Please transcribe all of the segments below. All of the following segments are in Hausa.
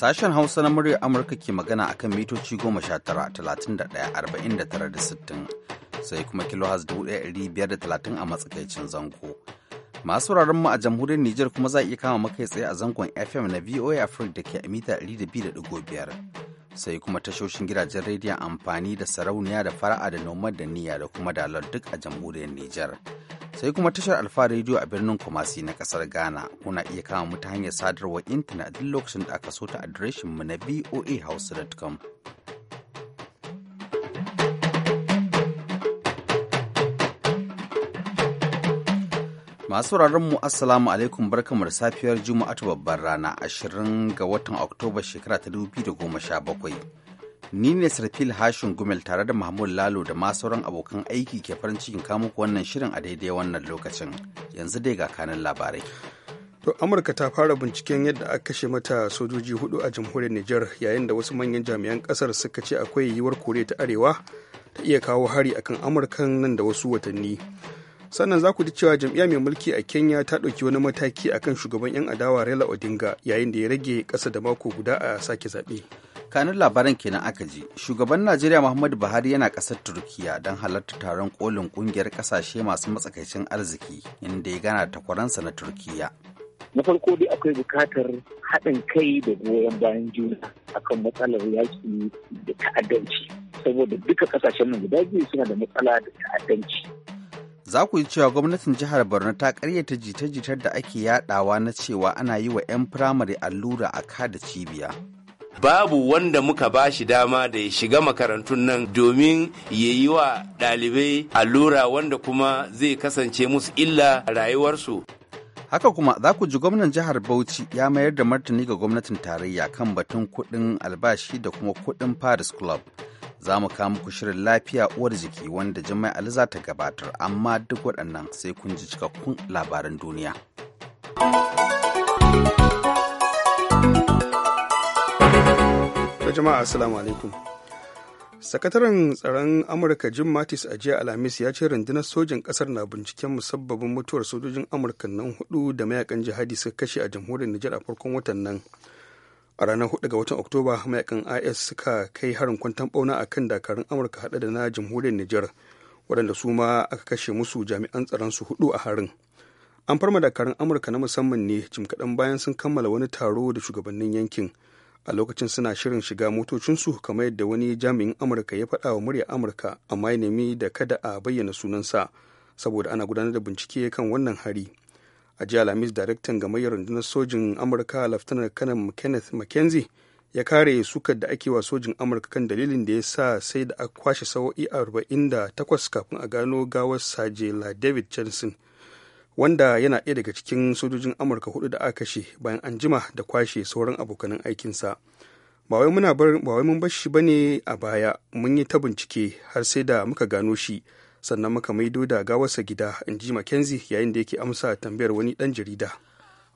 Sashen Hausa na muryar Amurka ke magana a kan mitoci goma sha sai kuma kilohaz dubu ɗaya a matsakaicin zango. Masu wuraren mu a jamhuriyar Nijar kuma za a iya kama makai tsaye a zangon FM na VOA Africa da ke a mita sai kuma tashoshin gidajen rediyon amfani da sarauniya da fara'a da nomad da niyya da kuma dalar duk a jamhuriyar Nijar. Sai kuma tashar Alfa rediyo a birnin Kumasi na kasar Ghana kuna iya kama mu ta hanyar sadarwar intanet duk lokacin da aka so ta adireshin mu na voahausa.com. Masu mu Assalamu alaikum barkamu da safiyar juma'a Juma'atu babbar rana ashirin ga watan Oktoba shekara ta da goma sha bakwai. Ni ne Sarfil Hashin Gumel tare da Mahmud Lalo da masu sauran abokan aiki ke farin cikin muku wannan shirin a daidai wannan lokacin. Yanzu dai ga kanan labarai. To Amurka ta fara binciken yadda aka kashe mata sojoji hudu a jamhuriyar Nijar yayin da wasu manyan jami'an kasar suka ce akwai yiwuwar Koriya ta Arewa ta iya kawo hari akan Amurkan nan da wasu watanni. sannan za ku ji cewa jam'iyya mai mulki a kenya ta ɗauki wani mataki akan shugaban 'yan adawa raila odinga yayin da ya rage ƙasa da mako guda a sake zaɓe kanin labaran kenan aka ji shugaban najeriya muhammadu buhari yana ƙasar turkiya don halarta taron kolin ƙungiyar ƙasashe masu matsakaicin arziki inda ya gana takwaransa na turkiya na farko dai akwai bukatar haɗin kai da goyon bayan juna akan matsalar yaƙi da ta'addanci saboda duka ƙasashen mu guda biyu suna da matsala da ta'addanci za ku yi cewa gwamnatin jihar borno ta karyata jita-jitar da ake yadawa na cewa ana yi wa 'yan firamare allura a kada cibiya babu wanda muka ba shi dama da ya shiga makarantun nan domin ya yi wa ɗalibai allura wanda kuma zai kasance musu illa rayuwarsu haka kuma za ku ji gwamnan jihar bauchi ya mayar da martani ga gwamnatin tarayya kan batun kuɗin albashi da kuma kuɗin paris club za mu kawo muku shirin lafiya uwar jiki wanda jama'a ali ta gabatar amma duk waɗannan sai kun ji cikakkun labaran duniya jama'a assalamu alaikum sakataren tsaron amurka jim mattis a jiya alhamis ya ce rundunar sojin kasar na binciken musabbabin mutuwar sojojin amurka nan hudu da mayakan jihadi suka kashe a jamhuriyar nijar a farkon watan nan a ranar 4 ga watan oktoba mayakan is suka kai harin kwantan bauna a kan dakarun amurka hada da na jamhuriyar niger waɗanda su ma aka kashe musu jami'an tsaron su hudu a harin an farma dakarun amurka na musamman ne jim kaɗan bayan sun kammala wani taro da shugabannin yankin a lokacin suna shirin shiga motocinsu kamar yadda wani jami'in amurka ya faɗa wa murya amurka amma ya nemi da kada a bayyana sunansa saboda ana gudanar da bincike kan wannan hari a jiya lamis daraktan gamayyar rundunar sojin amurka laftanar kanan kenneth mckenzie ya kare sukar da ake wa sojin amurka kan dalilin da ya sa sai da a kwashe sawo'i takwas kafin a gano gawar sajela david johnson wanda yana ɗaya daga cikin sojojin amurka hudu da aka shi bayan an jima da kwashe sauran abokanan aikinsa ba wai mun bar shi bane a baya mun yi ta bincike har sai da muka gano shi sannan muka maido da gawarsa gida in ji mackenzie yayin da yake amsa tambayar wani ɗan jarida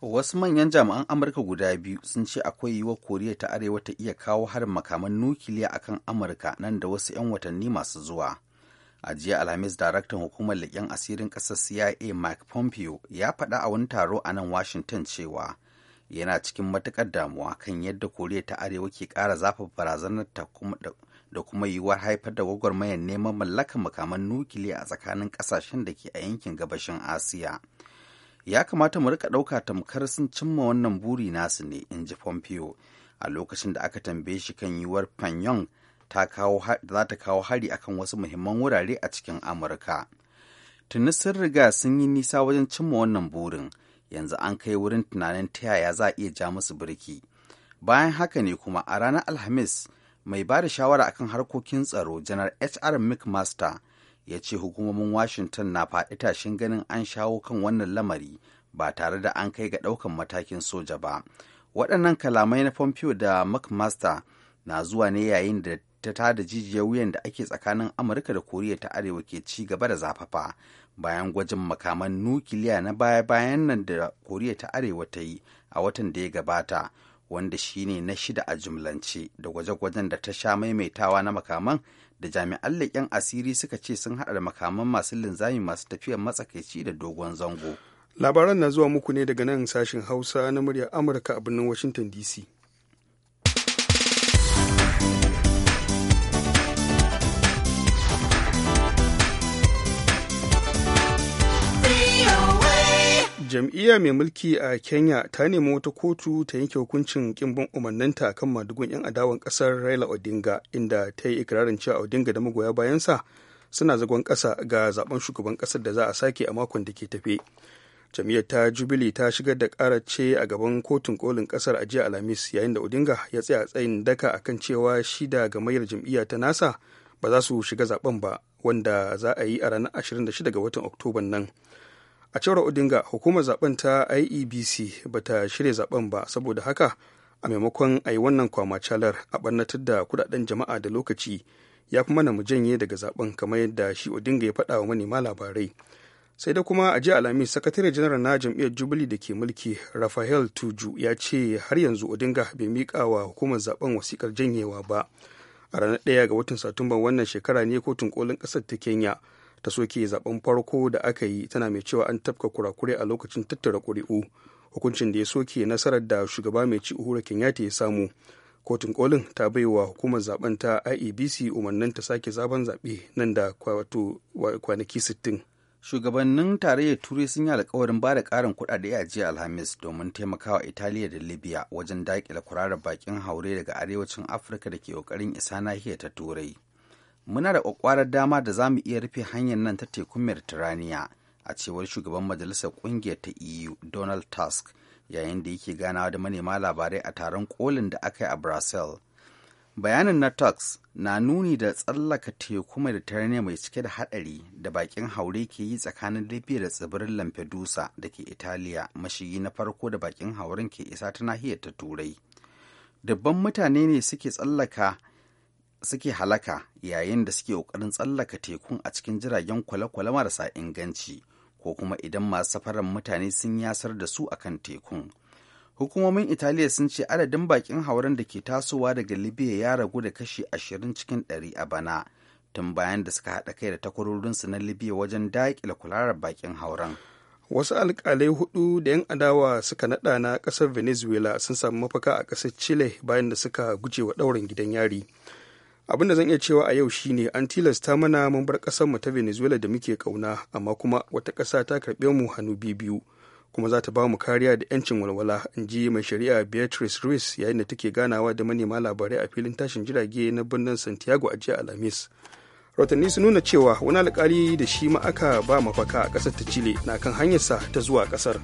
wasu manyan jami'an amurka guda biyu sun ce akwai yiwuwar koriya ta arewa ta iya kawo harin makaman nukiliya akan amurka nan da wasu 'yan watanni masu zuwa a jiya alhamis daraktan hukumar leƙen asirin ƙasar cia mike pompeo ya faɗa a wani taro a nan washington cewa yana cikin matuƙar damuwa kan yadda koriya ta arewa ke ƙara zafa barazanar da kuma yiwuwar haifar da gwagwarmayar neman mallakan makaman nukiliya a tsakanin kasashen da ke a yankin gabashin asiya ya kamata mu rika ɗauka tamkar sun cimma wannan buri nasu ne in ji pompeo a lokacin da aka tambaye shi kan yiwuwar Panyon za ta kawo hari akan wasu muhimman wurare a cikin amurka tuni sun riga sun yi nisa wajen cimma wannan burin yanzu an kai wurin tunanin ta yaya za a iya ja musu birki bayan haka ne kuma a ranar alhamis mai ba da shawara akan harkokin tsaro janar hr mcmaster ya ce hukumomin washington na faɗi tashin ganin an shawo kan wannan lamari ba tare da an kai ga ɗaukan matakin soja ba waɗannan kalamai na pompeo da mcmaster na zuwa ne yayin da ta tada jijiyar wuyan da ake tsakanin amurka da koriya ta arewa ke ci gaba da zafafa bayan gwajin makaman nukiliya na baya-bayan nan da koriya ta arewa ta yi a watan da ya gabata wanda shi ne na shida a jumlance da gwaje-gwajen da ta sha maimaitawa na makaman da jami'an leƙen asiri suka ce sun haɗa da makaman masu linzami masu tafiyar matsakaici da dogon zango. Labaran na zuwa muku ne daga nan sashen Hausa na muryar Amurka a birnin Washington DC. jam'iyya mai mulki a kenya ta nemi wata kotu ta yanke hukuncin kimbin umarninta kan madugun 'yan adawan kasar raila odinga inda ta yi ikirarin cewa odinga da magoya bayansa suna zagon kasa ga zaben shugaban kasar da za a sake a makon da ke tafe jam'iyyar ta jubili ta shigar da ƙara ce a gaban kotun kolin kasar a jiya alhamis yayin da odinga ya tsaya a tsayin daka akan cewa shida ga gamayyar jam'iyya ta nasa ba za su shiga zaben ba wanda za a yi a ranar 26 ga watan oktoba nan a cewar odinga hukumar zaben ta iebc ba ta shirya zaben ba saboda haka a maimakon a yi wannan kwamacalar a ɓannatar da kudaden jama'a da lokaci ya fi mana mu janye daga zaben kamar yadda shi odinga ya faɗa wa manema labarai sai da kuma a jiya alhamis sakatare janar na jam'iyyar jubilee da ke mulki rafael tuju ya ce har yanzu odinga bai miƙa wa hukumar zaben wasikar janyewa ba a ranar ɗaya ga watan satumba wannan shekara ne kotun kolin ƙasar ta kenya ta soke zaben farko da aka yi tana mai cewa an tafka kurakure a lokacin tattara kuri'u hukuncin da ya soke nasarar da shugaba mai ci uhuru kenyatta ya samu kotun kolin ta bai wa hukumar zaben ta iebc umarnin ta sake zaben zaɓe nan da kwanaki 60 shugabannin tarayyar turai sun yi alkawarin ba da ƙarin kuɗaɗe a jiya alhamis domin taimakawa italiya da libya wajen daƙile kurarar bakin haure daga arewacin afirka da ke ƙoƙarin isa nahiyar ta turai muna da kwakwarar dama da za mu iya rufe hanyar nan ta tekun mediterania a cewar shugaban majalisar kungiyar ta eu donald tusk yayin da yake ganawa da manema labarai a taron kolin da aka yi a Brazil. bayanin na tax na nuni da tsallaka teku mediterranean mai cike da hadari da bakin haure ke yi tsakanin libya da tsibirin lampedusa da ke italiya mashigi na farko da bakin hauren ke isa ta nahiyar ta turai dubban mutane ne suke tsallaka suke halaka yayin da suke ƙoƙarin tsallaka tekun a cikin jiragen kwale-kwale marasa inganci ko kuma idan masu safarar mutane sun yasar da su akan tekun. Hukumomin Italiya sun ce adadin bakin hauren da ke tasowa daga Libya ya ragu da kashi ashirin cikin ɗari a bana tun bayan da suka haɗa kai da takwarorinsu na Libya wajen daƙile kularar bakin hauren. Wasu alƙalai hudu da 'yan adawa suka naɗa na ƙasar Venezuela sun samu mafaka a ƙasar Chile bayan da suka guje wa ɗaurin gidan yari. abin da zan iya cewa a yau shine an tilasta mana mun bar ƙasar mu ta venezuela da muke kauna amma kuma wata ƙasa ta karɓe mu hannu biyu kuma za ta ba mu kariya da 'yancin walwala in ji mai shari'a beatrice ruiz yayin da take ganawa da manema labarai a filin tashin jirage na birnin santiago a jiya alhamis rahotanni su nuna cewa wani alkali da shi ma aka ba mafaka a ƙasar ta chile na kan hanyarsa ta zuwa ƙasar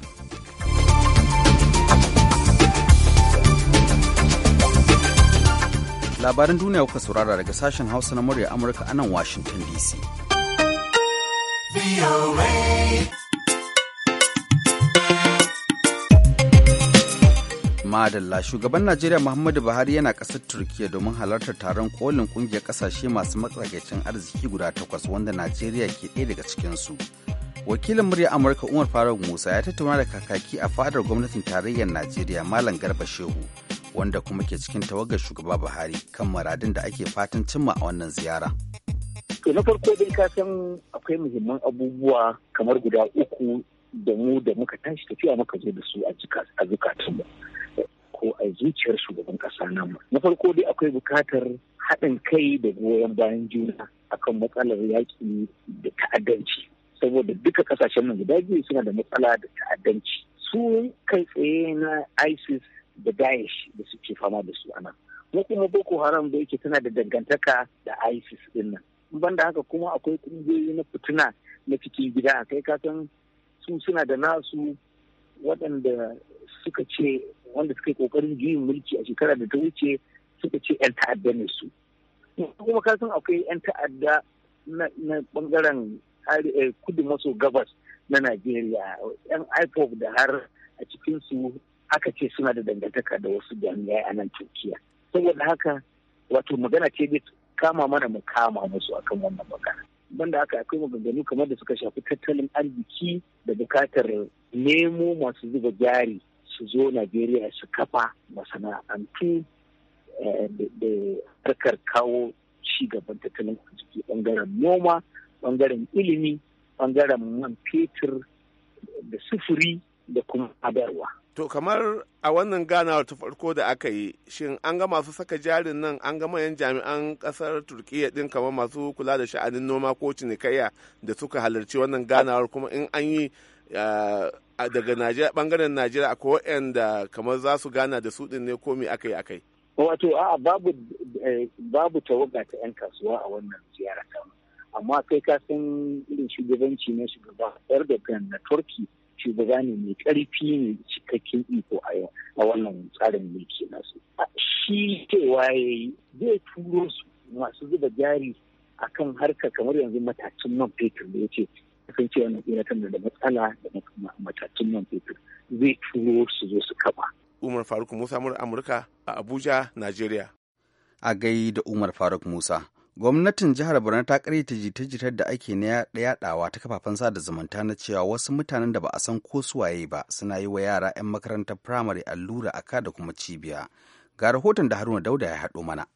labaran duniya kuka saurara daga sashen hausa na murya amurka a nan washington dc madalla shugaban najeriya muhammadu buhari yana ƙasar turkiya domin halartar taron kolin kungiyar ƙasashe masu matsagaicin arziki guda takwas wanda najeriya ke ɗaya daga cikinsu wakilin murya amurka umar faruk musa ya tattauna da kakaki a fadar gwamnatin tarayyar najeriya malam garba shehu wanda kuma ke cikin tawagar shugaba Buhari kan maradin da ake fatan cimma a wannan ziyara. To na farko dai ka san akwai muhimman abubuwa kamar guda uku da mu da muka tashi tafiya muka zo da su a zukatunmu ko a zuciyar shugaban ƙasa namu. Na farko dai akwai bukatar haɗin kai da goyon bayan juna akan matsalar yaƙi da ta'addanci. Saboda duka ƙasashen nan guda biyu suna da matsala da ta'addanci. Su kai tsaye na ISIS da daesh da suke fama da su anan ko kuma boko haram da yake tana da dangantaka da isis din nan da haka kuma akwai kungiyoyi na fituna na cikin gida kai kasan su suna da nasu waɗanda suka ce wanda suka yi ƙoƙarin juyin mulki a shekara da ta wuce suka ce 'yan ta'adda ne su kuma kasan akwai 'yan ta'adda na bangaren eh, kudu maso gabas na najeriya 'yan ipob da har a cikinsu aka ce suna da dangantaka da wasu jami'ai a nan turkiya saboda haka wato magana ce dai kama mana mu kama musu akan wannan magana banda haka akwai maganganu kamar da suka shafi tattalin arziki da bukatar nemo masu zuba jari su zo najeriya su kafa masana'antu eh, da harkar kawo ci gaban tattalin arziki bangaren noma bangaren ilimi bangaren man fetur da sufuri da kuma abarwa. to kamar a wannan ganawar ta farko da aka yi shin an ga masu saka jarin nan an ga mayan jami'an kasar turkiyya din kamar masu kula da sha'anin noma ko cinikayya da suka halarci wannan ganawar kuma in an yi eh, daga bangaren najeriya akwai waɗanda kamar za su gana da su din ne ko aka yi aka yi wato a'a babu eh, babu tawaga ta 'yan kasuwa a wannan ziyara amma kai ka san irin shugabanci na shugaba kan na turki shugaba ne mai ƙarfi ne cikakken iko a yau a wannan tsarin mulki nasu shi cewa waye zai turo su masu zuba jari a kan harka kamar yanzu matacin man fetur da ya ce kan ce wannan tsira da matsala da matacin man fetur zai turo su zo su kaba umar faruk musa mura amurka a abuja Najeriya. a gai da umar faruk musa gwamnatin jihar borno ta karyata jita-jitar da ake na yaɗawa ta kafafen sada zumunta na cewa wasu mutanen da ba a san ko suwaye ba suna yi wa yara 'yan makarantar firamare allura aka da kuma cibiya ga rahoton da haruna dauda ya haɗo mana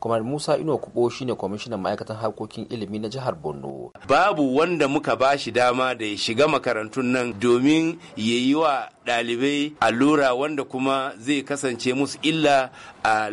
kuma musa ino kubo shine kwamishinan ma'aikatan harkokin ilimi na jihar borno babu wanda muka ba shi dama da ya shiga makarantun nan domin ya yi wa ɗalibai allura wanda kuma zai kasance musu illa a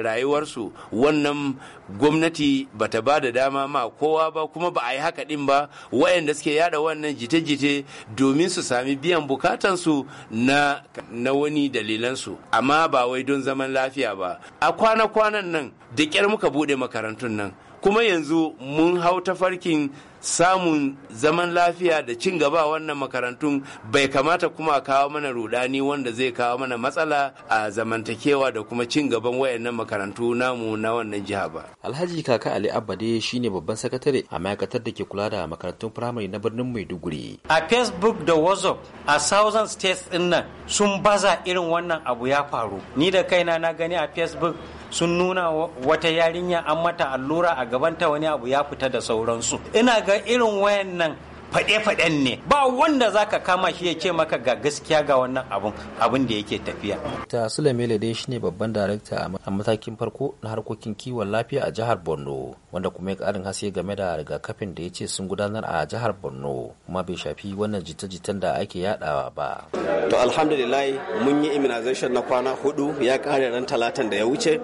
rayuwarsu wannan gwamnati ba ta ba da dama ma kowa ba kuma ba a yi haka ɗin ba wayanda suke yada wannan jite-jite domin su sami biyan bukatansu na, na wani dalilansu amma ba wai don zaman lafiya ba a kwana-kwanan nan da ƙyar muka buɗe makarantun nan kuma yanzu mun hau tafarkin samun zaman lafiya da cin gaba wannan makarantun bai kamata kuma kawo mana rudani wanda zai kawo mana matsala a zamantakewa da kuma cin gaban wayannan makarantu namu na wannan jiha ba. Alhaji Kaka Ali Abade shine babban sakatare a ma'aikatar da ke kula da makarantun firamare na birnin Maiduguri. A Facebook da WhatsApp a Southern States din nan sun baza irin wannan abu ya faru. Ni da kaina na gani a Facebook sun nuna wata yarinya an mata allura a gabanta wani abu ya fita da sauransu. Ina ga ga irin wayan nan faɗe-faɗen ne ba wanda zaka kama shi ya ce maka ga gaskiya ga wannan abun abun da yake tafiya. Ta Sulaimele dai ne babban darakta a matakin farko na harkokin kiwon lafiya a jihar Borno wanda kuma ya karin haske game da rigakafin da ya ce sun gudanar a jihar Borno kuma bai shafi wannan jita-jitan da ake yadawa ba. To alhamdulillah mun yi immunization na kwana hudu ya kare ran talatan da ya wuce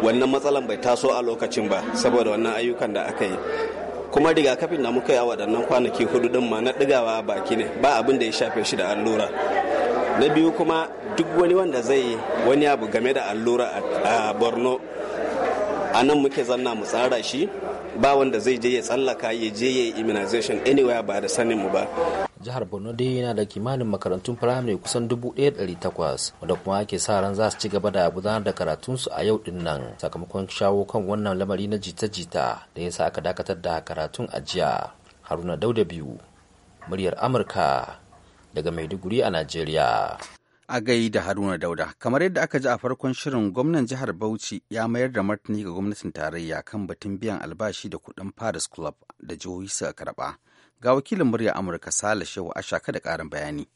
wannan matsalan bai taso a lokacin ba saboda wannan ayyukan da aka yi. kuma rigakafin da muka yi a waɗannan kwanaki hudu din ma na ɗigawa baki ne ba abin da ya shafe shi da allura na biyu kuma duk wani wanda zai wani abu game da allura a borno a nan muke zanna mu tsara shi ba wanda zai je ya tsallaka ya je ya yi immunization anywhere ba da sanin mu ba jihar borno dai yana da kimanin makarantun firamare kusan 1,800 wadda kuma ake sa ran za su ci gaba da gudanar da karatunsu a yau din nan sakamakon shawo kan wannan lamari na jita-jita da ya sa aka dakatar da karatun ajiya jiya haruna dauda biyu muryar amurka daga maiduguri a nigeria. a gai da haruna dauda kamar yadda aka ji a farkon shirin gwamnan jihar bauchi ya mayar da martani ga gwamnatin tarayya kan batun biyan albashi da kuɗin paris club da jihohi suka karba. Ga wakilin murya Amurka Sale Shehu shaka da ƙarin bayani.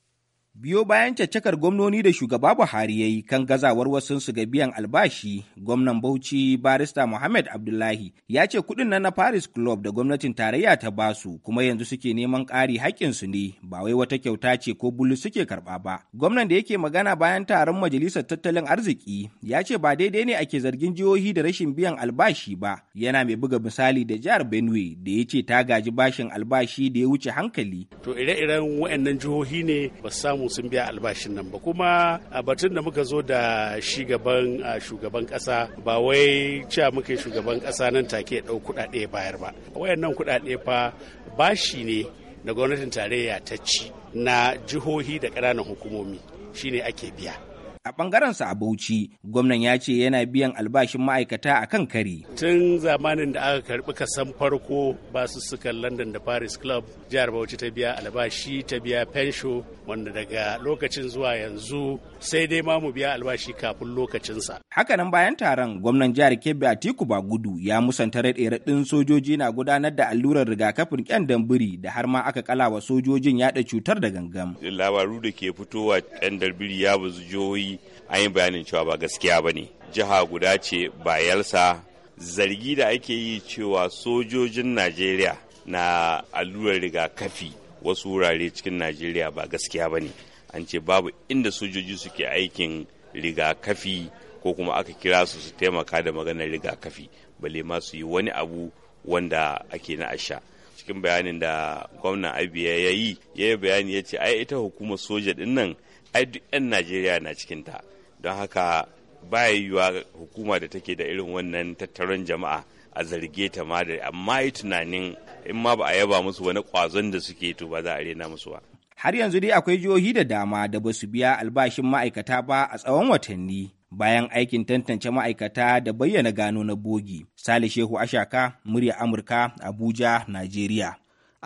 biyo bayan caccakar gwamnoni da shugaba Buhari ya yi kan gazawar wasunsu ga biyan albashi, gwamnan Bauchi barista Muhammad Abdullahi ya ce kuɗin nan na Paris Club da gwamnatin tarayya ta basu kuma yanzu suke neman ƙari haƙƙinsu ne ba wai wata kyauta ce ko bulu suke karɓa ba. Gwamnan da yake magana bayan taron majalisar tattalin arziki ya ce ba daidai ne ake zargin jihohi da rashin biyan albashi ba yana mai buga misali da jihar Benue da ya ce ta gaji bashin albashi da ya wuce hankali. To ire-iren waɗannan jihohi ne ba samu sun biya albashin nan ba kuma a batun da muka zo da shugaban shugaban kasa ba wai cewa muka shugaban kasa nan take ya ɗau kuɗaɗe bayar ba wayannan kuɗaɗe fa bashi ne da gwamnatin tarayya ta ci na jihohi da ƙananan hukumomi shine ake biya A ɓangarensa a Bauchi, gwamnan ya ce yana biyan albashin ma'aikata a kan kari. Tun zamanin da aka karɓi kasan farko ba su suka London da Paris Club, jihar Bauchi ta biya albashi ta biya fensho wanda daga lokacin zuwa yanzu sai dai ma mu biya albashi kafin lokacinsa. Hakanan bayan taron gwamnan jihar Kebbi ba gudu ya musanta raɗe-raɗin sojoji na gudanar da allurar rigakafin ƙyan dambiri da har ma aka kalawa sojojin yaɗa cutar da gangam. Labaru da ke fitowa ƙyan dambiri ya bazu jihohi an yi bayanin cewa ba gaskiya ba ne jiha guda ce bayelsa zargi da ake yi cewa sojojin najeriya na allurar rigakafi wasu wurare cikin najeriya ba gaskiya ba ne an ce babu inda sojoji suke aikin rigakafi ko kuma aka kira su su taimaka da maganar rigakafi bale ma su yi wani abu wanda ake na asha cikin bayanin da gwamnan abiya ya yi ya yi bayani ya ce ai ita hukumar soja din nan ai duk 'yan najeriya na cikinta don haka ba yiwuwa hukuma da take da irin wannan tattaron jama'a a zarge ta ma da amma yi tunanin in ma ba a yaba musu wani kwazon da suke to ba za a rena musu ba har yanzu dai akwai jihohi da dama da ba su biya albashin ma'aikata ba a tsawon watanni bayan aikin tantance ma'aikata da bayyana gano na bogi sale shehu ashaka murya amurka abuja najeriya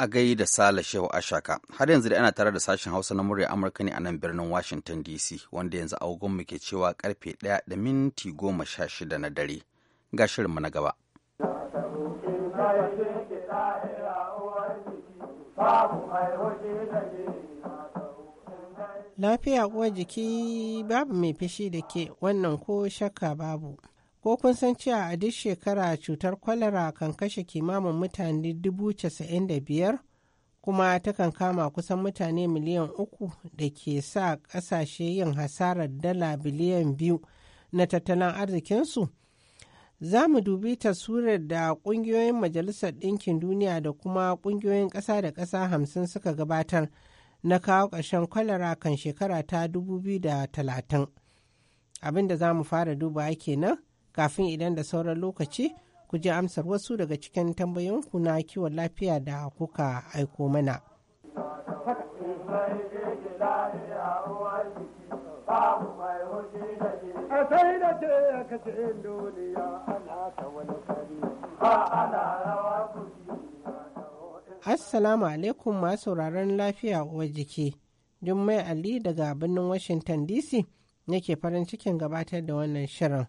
a gai da Sale Shehu Ashaka. Har yanzu da ana tare da sashen Hausa na murya Amurka ne a nan birnin Washington DC, wanda yanzu a mu ke cewa karfe 1 da minti goma sha shida na dare. Ga shirinmu na gaba. Lafiya uwar jiki babu mai fishi da ke wannan ko shakka babu. Ko kun san cewa a duk shekara cutar kwalara kan kashe kimamin mutane dubu casa'in da biyar kuma takan kama kusan mutane miliyan uku da ke sa ƙasashe yin hasarar dala biliyan biyu na tattalin arzikinsu? Za mu dubi taswirar da ƙungiyoyin Majalisar Ɗinkin Duniya da kuma ƙungiyoyin ƙasa da ƙasa hamsin suka gabatar na kawo ƙarshen kwalara kan shekara ta da talatin. Abin da za mu fara duba kenan. kafin idan da sauran lokaci ku ji amsar wasu daga cikin tambayoyinku na kiwon lafiya da kuka aiko mana. Assalamu alaikum masu sauraron lafiya uwar jiki. Jummai Ali daga birnin Washington DC nake farin cikin gabatar da wannan shirin.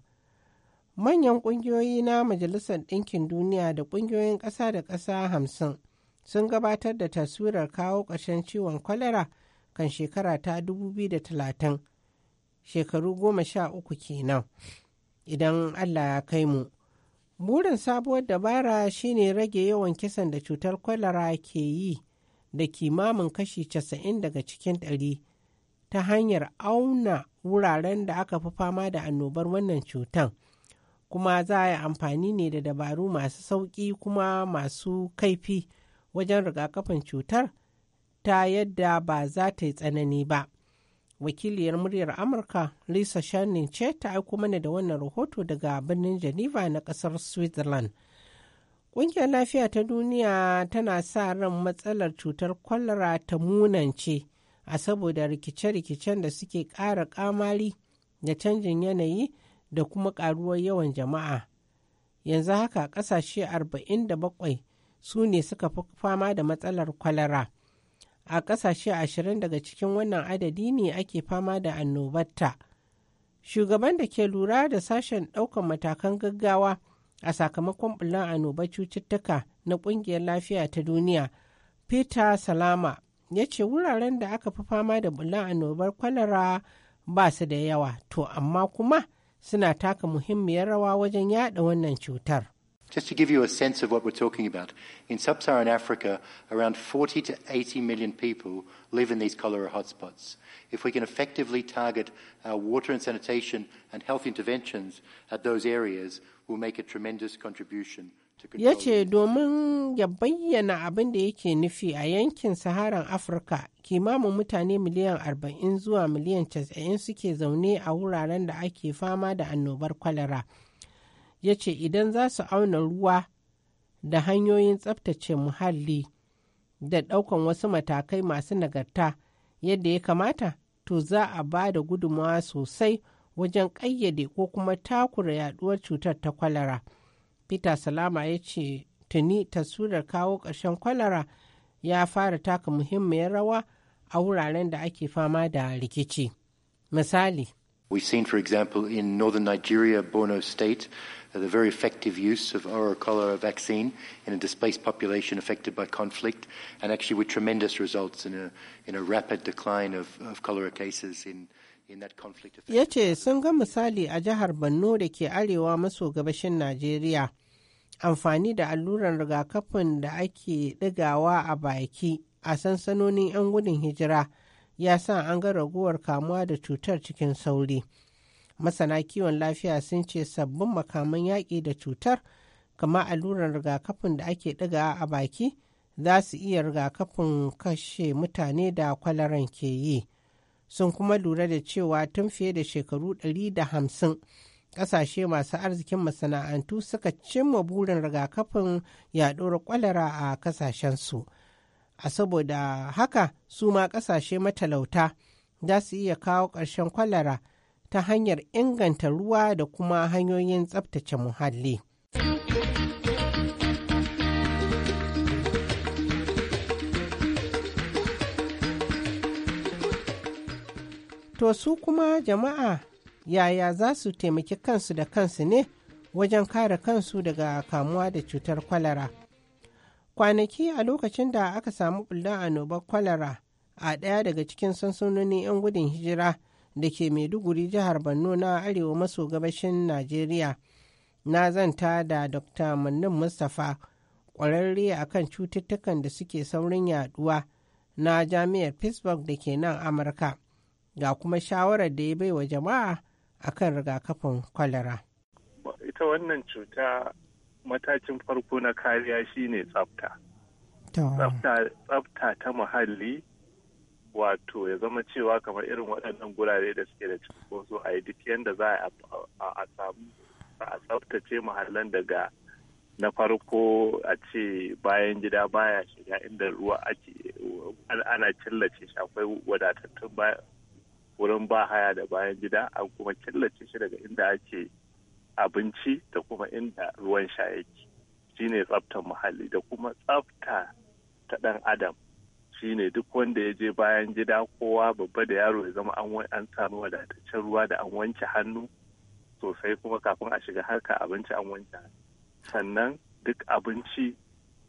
manyan ƙungiyoyi na Majalisar Ɗinkin Duniya da ƙungiyoyin ƙasa da ƙasa hamsin sun gabatar da taswirar kawo ƙarshen ciwon kwalara kan shekara ta 2030 shekaru goma sha uku kenan idan Allah ya kai mu. Burin sabuwar dabara shine rage yawan kisan da cutar kwalara ke yi da kimamin kashi 90 daga cikin ɗari. ta hanyar auna wuraren da aka fi fama da annobar wannan cutan kuma za a yi amfani ne da dabaru masu sauƙi kuma masu kaifi wajen rigakafin cutar ta yadda ba za ta yi tsanani ba. Wakiliyar muryar Amurka Lisa Shannon ce ta aiko mana da wannan rahoto daga birnin Geneva na ƙasar Switzerland. Ƙungiyar Lafiya ta Duniya tana sa ran matsalar cutar kwalara ta munance a saboda rikice-rikicen da suke ƙara ƙamari da canjin yanayi da kuma karuwar yawan jama'a yanzu haka kasashe 47 su ne suka fi fama da matsalar kwalara a kasashe 20 daga cikin wannan adadi ne ake fama da annobarta shugaban da ke lura da sashen ɗaukar matakan gaggawa a sakamakon bulan annobar cututtuka na ƙungiyar lafiya ta duniya peter salama ya ce wuraren da aka fi fama da bulan annobar kwalara ba su da yawa to amma kuma suna taka muhimmiyar rawa wajen yada wannan cutar. Just to give you a sense of what we're talking about, in sub Saharan Africa, around 40 to 80 million people live in these cholera hotspots. If we can effectively target our uh, water and sanitation and health interventions at those areas, we'll make a tremendous contribution ya ce domin ya bayyana abin da yake nufi a yankin saharan afirka kimamin mutane miliyan 40 zuwa miliyan 90 suke zaune a wuraren da ake fama da annobar kwalara ya ce idan za su auna ruwa da hanyoyin tsabtace muhalli da ɗaukan wasu matakai masu nagarta yadda ya kamata to za a ba da gudunmawa sosai wajen ƙayyade ko kuma takura yaduwar cutar ta kwalara. peter salama ya ce tuni taswirar kawo ƙarshen kwalara ya fara taka muhimmiyar rawa a wuraren da ake fama da rikici misali We've seen, for example, in northern Nigeria, Borno State, uh, the very effective use of oral cholera vaccine in a displaced population affected by conflict, and actually with tremendous results in a, in a rapid decline of, of cholera cases in, in that conflict. Ya ce sun ga misali a jihar Borno da ke arewa maso gabashin Najeriya, amfani da alluran rigakafin da ake ɗigawa a baki a sansanonin 'yan gudun hijira ya sa an ga raguwar kamuwa da cutar cikin sauri. Masana kiwon lafiya sun ce sabbin makaman yaƙi da cutar kama alluran rigakafin da ake ɗigawa a baki za su iya rigakafin kashe mutane da kwalaran ke yi. Sun kuma lura da cewa tun fiye da shekaru ɗari da hamsin. ƙasashe masu arzikin masana'antu suka cimma burin rigakafin yaɗuwar kwalara a ƙasashensu. A saboda haka su ma ƙasashe matalauta za su iya kawo ƙarshen kwalara ta hanyar inganta ruwa da kuma hanyoyin tsabtace muhalli. To su kuma jama'a yaya za su taimaki kansu da kansu ne wajen kare kansu daga kamuwa da cutar kwalara. Kwanaki a lokacin da aka samu bulla annobar kwalara a ɗaya daga cikin sansanonin 'yan gudun hijira da ke Maiduguri jihar Borno na arewa maso gabashin Najeriya. Na zanta da Dr. Mannin Mustapha ƙwararre a kan cututtukan da suke saurin yaduwa na jami'ar Pittsburgh da ke nan Amurka. Ga kuma shawarar da ya bai wa jama'a akan rigakafin kwalara. Ita wannan cuta matakin farko na kariya shine tsafta. Tsafta ta muhalli wato ya zama cewa kamar irin waɗannan gurare da suke da cunkoso a yi duk yadda za a samu a tsaftace muhallan daga na farko a ce bayan gida baya shiga inda ruwa ake ana killace shi akwai wadatattun wurin ba haya da bayan gida an kuma killace shi daga inda ake abinci da kuma inda ruwan sha yake shine tsaftar muhalli da kuma tsafta ta ɗan adam shine duk wanda ya je bayan gida kowa babba da yaro ya zama an samu wadataccen ruwa da an wanke hannu sosai kuma kafin a shiga harka abinci an wanke sannan duk abinci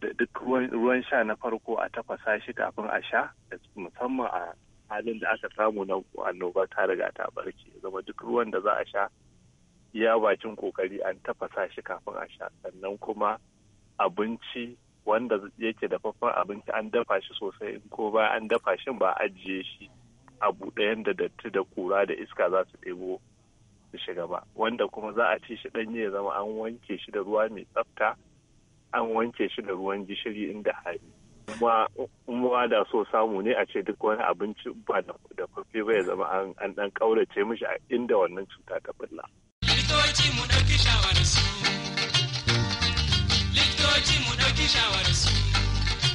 da duk ruwan sha na farko a tafasa shi kafin a sha musamman a halin da aka samu na annoba ta riga ta barke zama duk ruwan da za a sha ya bakin kokari an tafasa shi kafin a sha sannan kuma abinci wanda yake dafaffen abinci an dafa shi sosai in ko ba an dafa shi ba ajiye shi a buɗe yadda datti da kura da iska za su ɗebo su shiga ba wanda kuma za a ci shi ɗanye ya zama an wanke shi da ruwa mai tsafta an wanke shi da ruwan gishiri inda hali kuma kuma da so samu ne a ce duk wani abinci ba da fafi bai zama an dan kaurace mishi a inda wannan cuta ta bulla likitoci mu dauki shawararsu likitoci mu dauki shawararsu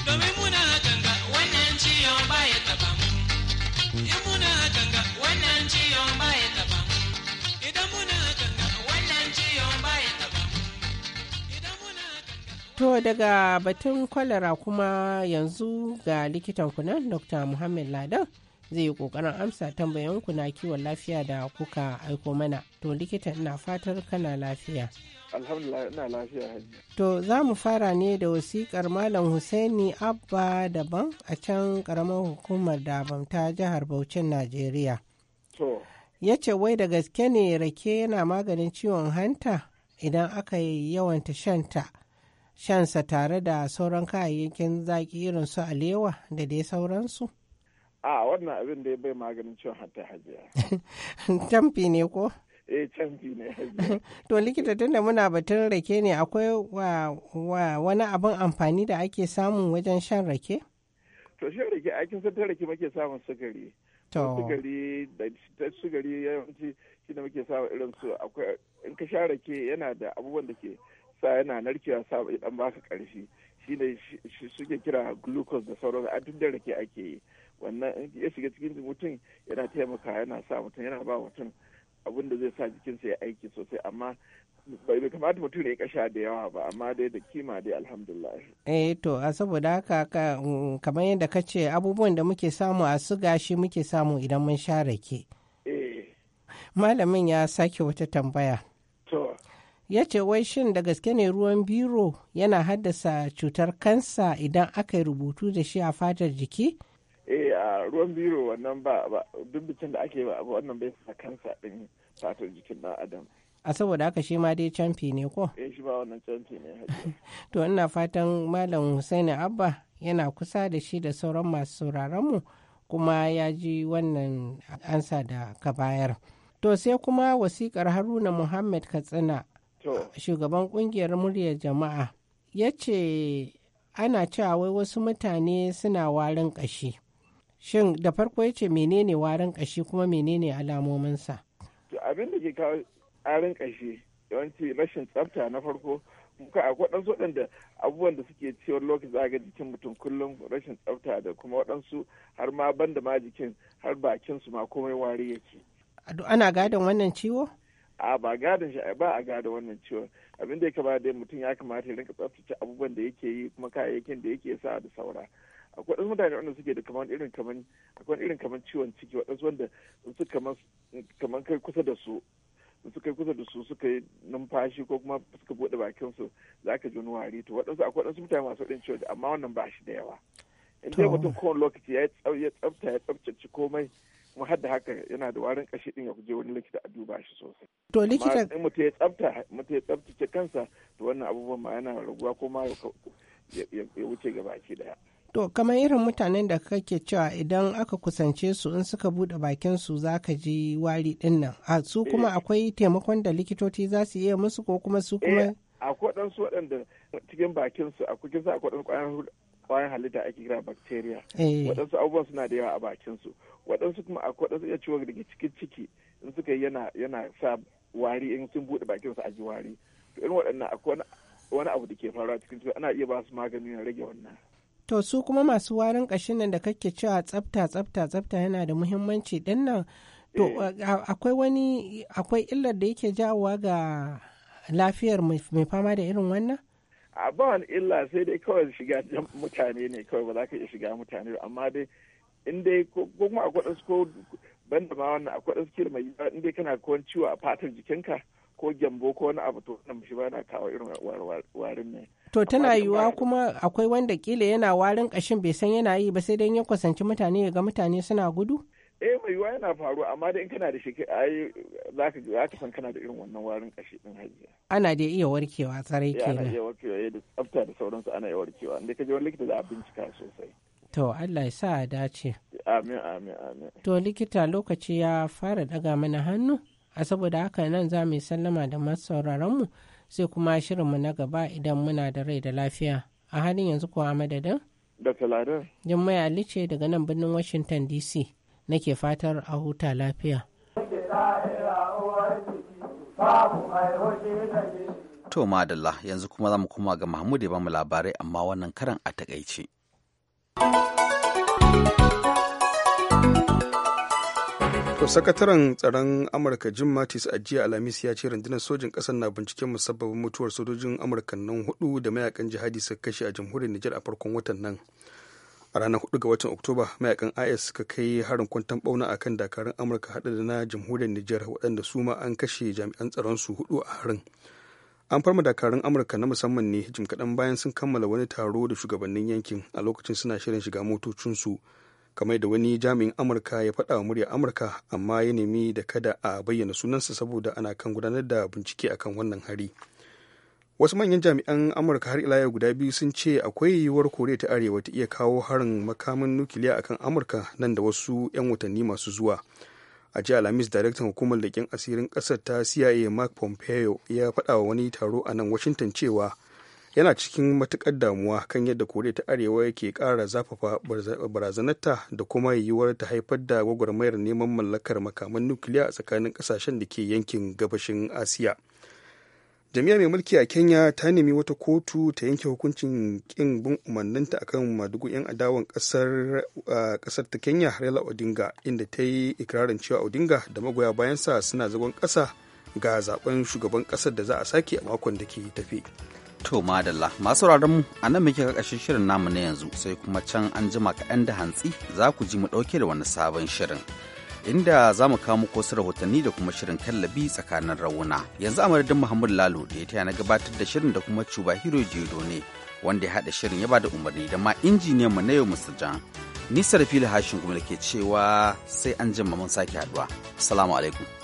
domin muna ganga wannan ciyon ya taba mu in muna ganga wannan ciyon baya To daga batun kwalara kuma yanzu ga likitan kunan Dr. Muhammad Ladan zai yi kokarin amsa tambayanku na kiwon lafiya da kuka aiko mana. To likita ina fatar kana lafiya. Alhamdulillah ina lafiya To za mu fara ne da wasiƙar Malam Hussaini Abba daban a can karamar hukumar da ta jihar Bauchin Najeriya. To. Ya ce wai da gaske ne rake yana maganin ciwon hanta idan aka yi yawanta shanta. shansa tare da sauran kayayyakin zaƙi irin su alewa da dai sauransu? A wannan abin da ya bai maganin cin hatta hajiya. Camfi ne ko? Eh camfi ne hajiya. To likita tun da muna batun rake ne akwai wani abin amfani da ake samu wajen shan rake? To shan rake aikin san rake muke samun sukari. To. Sukari da sukari yawanci shi da muke samun irin su akwai in ka sha rake yana da abubuwan da ke sa yana narkewa sa ya dan baka karfi shine shi suke kira glucose da sauran a duk da rake ake yi wannan ya shiga cikin mutum yana taimaka yana sa mutum yana ba mutum abin da zai sa jikinsa ya aiki sosai amma bai kamata mutum ya kasha da yawa ba amma dai da kima dai alhamdulillah eh to a saboda haka mm, kamar yadda ka ce abubuwan da muke samu a suga shi muke samu idan mun sha rake eh. malamin ya sake wata tambaya ya ce wai shin da gaske ne ruwan biro yana haddasa cutar kansa idan aka yi rubutu da shi a fatar jiki? eh a ruwan biro wannan ba dubbicin da ake ba wannan bai sa kansa din fatar jikin ɗan adam a saboda haka shi ma dai canfi ne ko? eh shi ba wannan canfi ne to ina fatan malam Hussaini abba yana kusa da shi da sauran masu sauraronmu kuma ya ji wannan ansa da ka bayar to sai kuma wasikar haruna muhammad katsina shugaban kungiyar muryar jama'a ya ce ana cewa wai wasu mutane suna warin kashi shin da farko ya ce menene warin ƙashi kuma menene alamominsa abin da ke kawo warin kashi yawanci rashin tsafta na farko muka a waɗansu waɗanda abubuwan da suke cewar lokacin za ga jikin mutum kullum rashin tsafta da kuma waɗansu har ma ban da ma jikin har bakin su ma komai wari yake. ana gadon wannan ciwo? a ba gadon shi ba a gada wannan ciwon abin da ya kamata dai mutum ya kamata ya rinka tsaftace abubuwan da yake yi kuma kayayyakin da yake sa da saura akwai wasu mutane wanda suke da kamar irin kaman akwai irin kaman ciwon ciki wadansu wanda su kaman kai kusa da su kai kusa da su suka yi numfashi ko kuma suka bude bakin su za ka ji nuwari wari to wadansu akwai wasu mutane masu irin ciwo amma wannan ba shi da yawa in dai mutum kowane lokaci ya tsafta ya tsaftace komai kuma har haka yana da warin kashi din ya kuje wani likita a duba shi sosai to likita in mutum ya tsafta mutum ya tsaftace kansa to wannan abubuwan ma yana raguwa ko ma ya wuce gaba ki daya to kamar irin mutanen da kake cewa idan aka kusance su in suka bude bakin su ka ji wari din nan a su kuma eh. akwai taimakon da likitoci za su iya musu ko kuma su kuma eh, akwai dan su waɗanda cikin bakin su akwai kisa akwai dan kwayan halitta ake kira bacteria eh. waɗansu abubuwa suna da yawa a bakinsu su waɗansu kuma a waɗansu iya ciwon daga cikin ciki in suka yi yana sa wari in sun buɗe bakin su a ji wari to irin waɗannan akwai wani abu da ke faruwa cikin ciki ana iya ba su magani na rage wannan to su kuma masu warin ƙashin nan da kake cewa tsafta tsafta tsafta yana da muhimmanci din nan to eh. akwai wani akwai illar da yake jawowa ga lafiyar mai fama da irin wannan a ba illa sai dai kawai shiga mutane ne kawai ba za ka iya shiga mutane ba amma dai in dai ko kuma akwai ɗansu ko ban da ma wannan akwai ɗansu kila mai yiwuwa in dai kana kowan ciwo a fatar jikinka ko gyambo ko wani abu to wannan shi ba na kawo irin warin ne. To tana yiwuwa kuma akwai wanda kila yana warin kashin bai san yana yi ba sai dai ya kusanci mutane ya ga mutane suna gudu? eh mai yiwuwa yana faru amma da in kana da shike ai zaka zaka san kana da irin wannan warin kashi din hajiya ana da iya warkewa ke eh, nan. ana iya warkewa eh, da tsafta da sauransu ana iya warkewa inda kaje wani likita za a bincika sosai to Allah ya sa a dace amin amin amin to likita lokaci ya fara daga mana hannu a saboda haka nan za mu sallama da masu mu sai kuma mu na gaba idan muna da rai da lafiya a halin yanzu kuwa madadin da taladar jimmai ali ce daga nan birnin washington dc nake fatar a huta lafiya. To madalla yanzu kuma za mu koma ga Mahmud ya bamu labarai amma wannan karan a takaice. To sakataren tsaron Amurka Jim Mattis a jiya Alhamis ya ce rundunar sojin ƙasar na binciken musabbabin mutuwar sojojin Amurka nan hudu da mayakan jihadi suka kashe a jamhuriyar Nijar a farkon watan nan. a ranar 4 ga watan oktoba mayakan is suka kai harin kwantan bauna a kan dakarun amurka hada da na jamhuriyar nijar waɗanda su ma an kashe jami'an tsaron su hudu a harin an farma dakarun amurka na musamman ne jim kaɗan bayan sun kammala wani taro da shugabannin yankin a lokacin suna shirin shiga motocinsu kamar da wani jami'in amurka ya faɗa wa murya amurka amma ya nemi da kada a bayyana sunansa saboda ana kan gudanar da bincike akan wannan hari. wasu manyan jami'an amurka har ila yau guda biyu sun ce akwai yiwuwar koriya ta arewa ta iya kawo harin makamin nukiliya akan amurka nan da wasu 'yan watanni masu zuwa a jiya alhamis daraktan hukumar leƙen asirin ƙasar ta cia mark pompeo ya faɗa wa wani taro a nan washington cewa yana cikin matuƙar damuwa kan yadda koriya ta arewa ke ƙara zafafa barazanarta da kuma yiwuwar ta haifar da gwagwarmayar neman mallakar makaman nukiliya a tsakanin ƙasashen da ke yankin gabashin asiya jami'a mai mulki a kenya ta nemi wata kotu ta yanke hukuncin kin bin umarninta akan madugu 'yan adawan kasar ta kenya raila odinga inda ta yi ikirarin cewa odinga da magoya bayansa suna zagon kasa ga zaben shugaban kasar da za a sake a makon da ke tafi to madalla masu mu a nan muke kakashin shirin namu na yanzu sai kuma can an jima kaɗan da hantsi za ku ji mu ɗauke da wani sabon shirin inda za mu kawo muku wasu rahotanni da kuma shirin kallabi tsakanin rauna. Yanzu a madadin Muhammadu Lalo da ya taya na gabatar da shirin da kuma Cuba Hiro Jedo ne wanda ya haɗa shirin ya bada umarni da ma injiniyan mu na yau Mr. Jan. da fili hashin kuma da ke cewa sai an jima mun sake haɗuwa. Salamu alaikum.